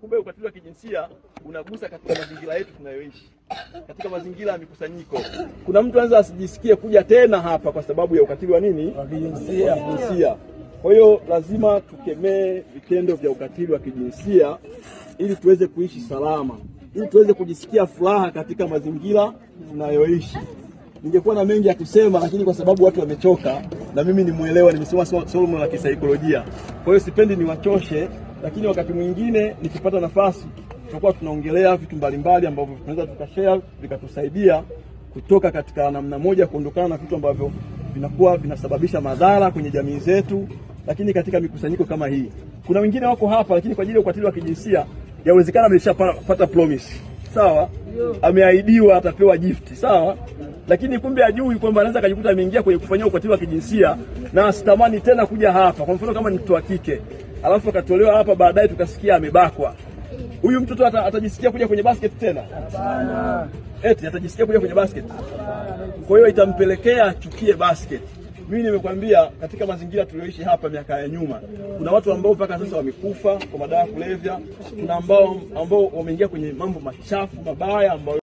Kumbe ukatili wa kijinsia unagusa katika mazingira yetu tunayoishi, katika mazingira ya mikusanyiko. Kuna mtu anaweza asijisikie kuja tena hapa kwa sababu ya ukatili wa nini, wa kijinsia. Kwa hiyo lazima tukemee vitendo vya ukatili wa kijinsia ili tuweze kuishi salama, ili tuweze kujisikia furaha katika mazingira tunayoishi. Ningekuwa na mengi ya kusema, lakini kwa sababu watu wamechoka, na mimi ni mwelewa, nimesoma somo la kisaikolojia, kwa hiyo sipendi niwachoshe lakini wakati mwingine nikipata nafasi tutakuwa tunaongelea vitu mbalimbali ambavyo tunaweza tukashare vikatusaidia kutoka katika namna moja kuondokana na vitu ambavyo vinakuwa vinasababisha madhara kwenye jamii zetu, lakini katika mikusanyiko kama hii. Kuna wengine wako hapa, lakini kwa ajili ya ukatili wa kijinsia yawezekana ameshapata promise, sawa, ameahidiwa atapewa gift, sawa, lakini kumbe ajui kwamba anaweza akajikuta ameingia kwenye kufanyia ukatili wa kijinsia na asitamani tena kuja hapa. Kwa mfano kama ni mtu wa kike alafu akatolewa hapa, baadaye tukasikia amebakwa, huyu mtoto atajisikia kuja kwenye basket tena? Eti atajisikia kuja kwenye basket? Kwa hiyo itampelekea achukie basket. Mimi nimekwambia katika mazingira tulioishi hapa miaka ya nyuma, kuna watu ambao mpaka sasa wamekufa kwa madawa ya kulevya, kuna ambao ambao wameingia kwenye mambo machafu mabaya ambayo